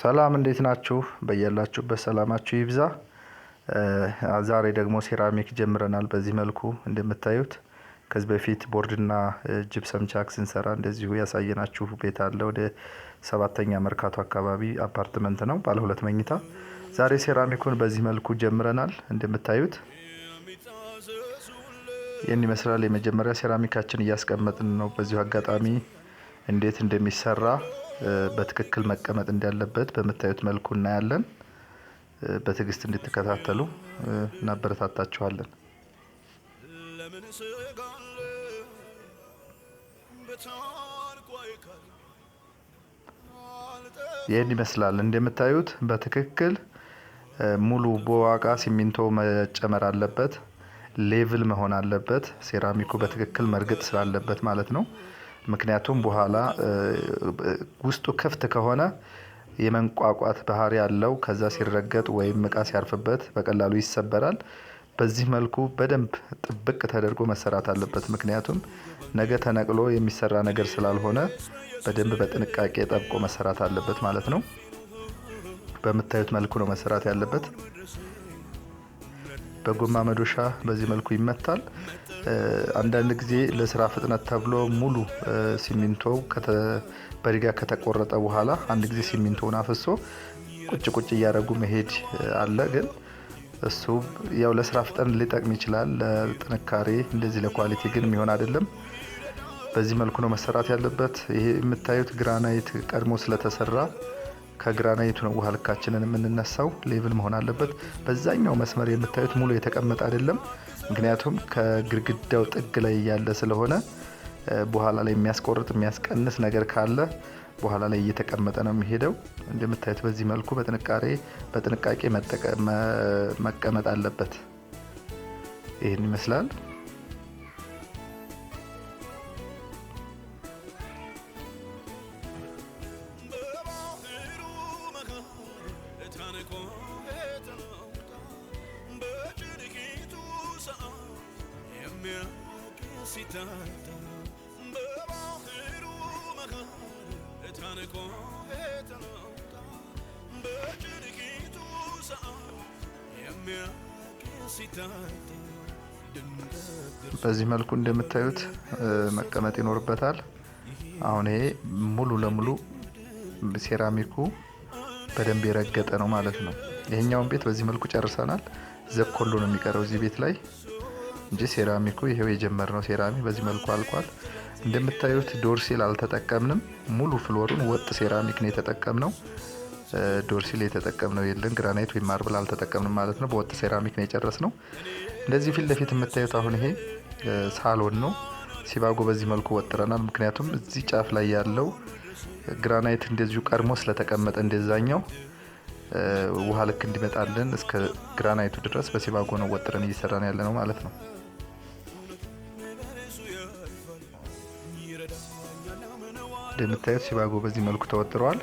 ሰላም እንዴት ናችሁ? በያላችሁበት ሰላማችሁ ይብዛ። ዛሬ ደግሞ ሴራሚክ ጀምረናል። በዚህ መልኩ እንደምታዩት ከዚህ በፊት ቦርድና ጅብሰም ቻክ ስንሰራ እንደዚሁ ያሳየናችሁ ቤት አለ። ወደ ሰባተኛ መርካቶ አካባቢ አፓርትመንት ነው፣ ባለ ሁለት መኝታ። ዛሬ ሴራሚኩን በዚህ መልኩ ጀምረናል። እንደምታዩት ይህን ይመስላል። የመጀመሪያ ሴራሚካችን እያስቀመጥን ነው። በዚሁ አጋጣሚ እንዴት እንደሚሰራ በትክክል መቀመጥ እንዳለበት በምታዩት መልኩ እናያለን። በትዕግስት እንድትከታተሉ እናበረታታችኋለን። ይህን ይመስላል እንደምታዩት በትክክል ሙሉ በዋቃ ሲሚንቶ መጨመር አለበት። ሌቭል መሆን አለበት። ሴራሚኩ በትክክል መርገጥ ስላለበት ማለት ነው። ምክንያቱም በኋላ ውስጡ ክፍት ከሆነ የመንቋቋት ባህሪ ያለው ከዛ ሲረገጥ ወይም እቃ ሲያርፍበት በቀላሉ ይሰበራል። በዚህ መልኩ በደንብ ጥብቅ ተደርጎ መሰራት አለበት። ምክንያቱም ነገ ተነቅሎ የሚሰራ ነገር ስላልሆነ በደንብ በጥንቃቄ ጠብቆ መሰራት አለበት ማለት ነው። በምታዩት መልኩ ነው መሰራት ያለበት። በጎማ መዶሻ በዚህ መልኩ ይመታል። አንዳንድ ጊዜ ለስራ ፍጥነት ተብሎ ሙሉ ሲሚንቶ በሪጋ ከተቆረጠ በኋላ አንድ ጊዜ ሲሚንቶውን አፍሶ ቁጭ ቁጭ እያደረጉ መሄድ አለ። ግን እሱ ያው ለስራ ፍጥነት ሊጠቅም ይችላል። ለጥንካሬ እንደዚህ ለኳሊቲ ግን የሚሆን አይደለም። በዚህ መልኩ ነው መሰራት ያለበት። ይሄ የምታዩት ግራናይት ቀድሞ ስለተሰራ ከግራናይቱ ነው ውሃ ልካችንን የምንነሳው። ሌቭል መሆን አለበት። በዛኛው መስመር የምታዩት ሙሉ የተቀመጠ አይደለም፣ ምክንያቱም ከግድግዳው ጥግ ላይ ያለ ስለሆነ በኋላ ላይ የሚያስቆርጥ የሚያስቀንስ ነገር ካለ በኋላ ላይ እየተቀመጠ ነው የሚሄደው። እንደምታዩት በዚህ መልኩ በጥንቃቄ በጥንቃቄ መቀመጥ አለበት። ይህን ይመስላል። ታንቆ የተናውጣ ሰዓት የሚያውቅ ሲታጣ በባህሩ መካል ታንቆ የተናውጣ ሰዓት የሚያውቅ ሲታጣ በዚህ መልኩ እንደምታዩት መቀመጥ ይኖርበታል። አሁን ይሄ ሙሉ ለሙሉ ሴራሚኩ በደንብ የረገጠ ነው ማለት ነው። ይሄኛውን ቤት በዚህ መልኩ ጨርሰናል። ዘኮሎ ነው የሚቀረው እዚህ ቤት ላይ እንጂ ሴራሚኩ ይሄው የጀመርነው ሴራሚ በዚህ መልኩ አልቋል። እንደምታዩት ዶርሲል አልተጠቀምንም። ሙሉ ፍሎሩን ወጥ ሴራሚክ ነው የተጠቀምነው። ዶርሲል የተጠቀምነው የለን፣ ግራናይት ወይም ማርብል አልተጠቀምንም ማለት ነው። በወጥ ሴራሚክ ነው የጨረስነው። እንደዚህ ፊት ለፊት የምታዩት አሁን ይሄ ሳሎን ነው። ሲባጎ በዚህ መልኩ ወጥረናል። ምክንያቱም እዚህ ጫፍ ላይ ያለው ግራናይት እንደዚሁ ቀድሞ ስለተቀመጠ እንደዛኛው ውሃ ልክ እንዲመጣልን እስከ ግራናይቱ ድረስ በሲባጎ ነው ወጥረን እየሰራን ያለ ነው ማለት ነው። እንደምታዩት ሲባጎ በዚህ መልኩ ተወጥረዋል።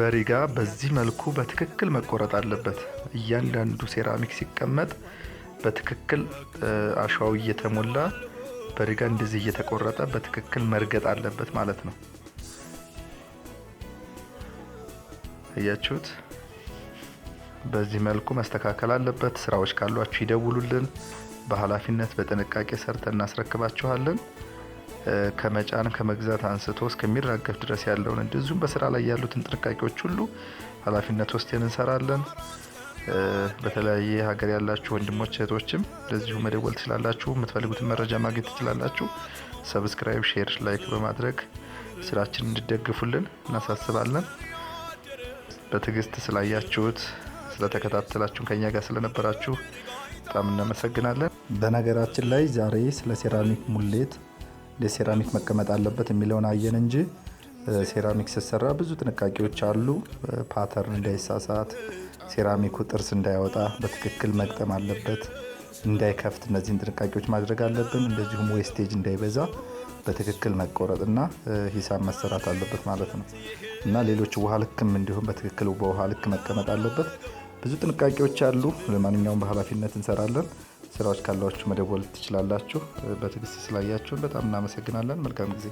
በሪጋ በዚህ መልኩ በትክክል መቆረጥ አለበት። እያንዳንዱ ሴራሚክ ሲቀመጥ በትክክል አሸዋው እየተሞላ በሪጋ እንደዚህ እየተቆረጠ በትክክል መርገጥ አለበት ማለት ነው። እያችሁት በዚህ መልኩ መስተካከል አለበት። ስራዎች ካሏችሁ ይደውሉልን። በኃላፊነት በጥንቃቄ ሰርተን እናስረክባችኋለን። ከመጫን ከመግዛት አንስቶ እስከሚራገፍ ድረስ ያለውን እንደዚሁም በስራ ላይ ያሉትን ጥንቃቄዎች ሁሉ ኃላፊነት ወስደን እንሰራለን። በተለያየ ሀገር ያላችሁ ወንድሞች እህቶችም እንደዚሁ መደወል ትችላላችሁ። የምትፈልጉትን መረጃ ማግኘት ትችላላችሁ። ሰብስክራይብ፣ ሼር፣ ላይክ በማድረግ ስራችን እንድደግፉልን እናሳስባለን። በትዕግስት ስላያችሁት ስለተከታተላችሁ ከኛ ጋር ስለነበራችሁ በጣም እናመሰግናለን። በነገራችን ላይ ዛሬ ስለ ሴራሚክ ሙሌት ለሴራሚክ መቀመጥ አለበት የሚለውን አየን እንጂ ሴራሚክ ስሰራ ብዙ ጥንቃቄዎች አሉ። ፓተርን እንዳይሳሳት፣ ሴራሚኩ ጥርስ እንዳያወጣ በትክክል መግጠም አለበት፣ እንዳይከፍት፣ እነዚህን ጥንቃቄዎች ማድረግ አለብን። እንደዚሁም ዌስቴጅ እንዳይበዛ በትክክል መቆረጥና ሂሳብ መሰራት አለበት ማለት ነው እና ሌሎች ውሃ ልክም እንዲሁም በትክክል በውሃ ልክ መቀመጥ አለበት። ብዙ ጥንቃቄዎች አሉ። ለማንኛውም በኃላፊነት እንሰራለን። ስራዎች ካሏችሁ መደወል ትችላላችሁ። በትዕግስት ስላያችሁን በጣም እናመሰግናለን። መልካም ጊዜ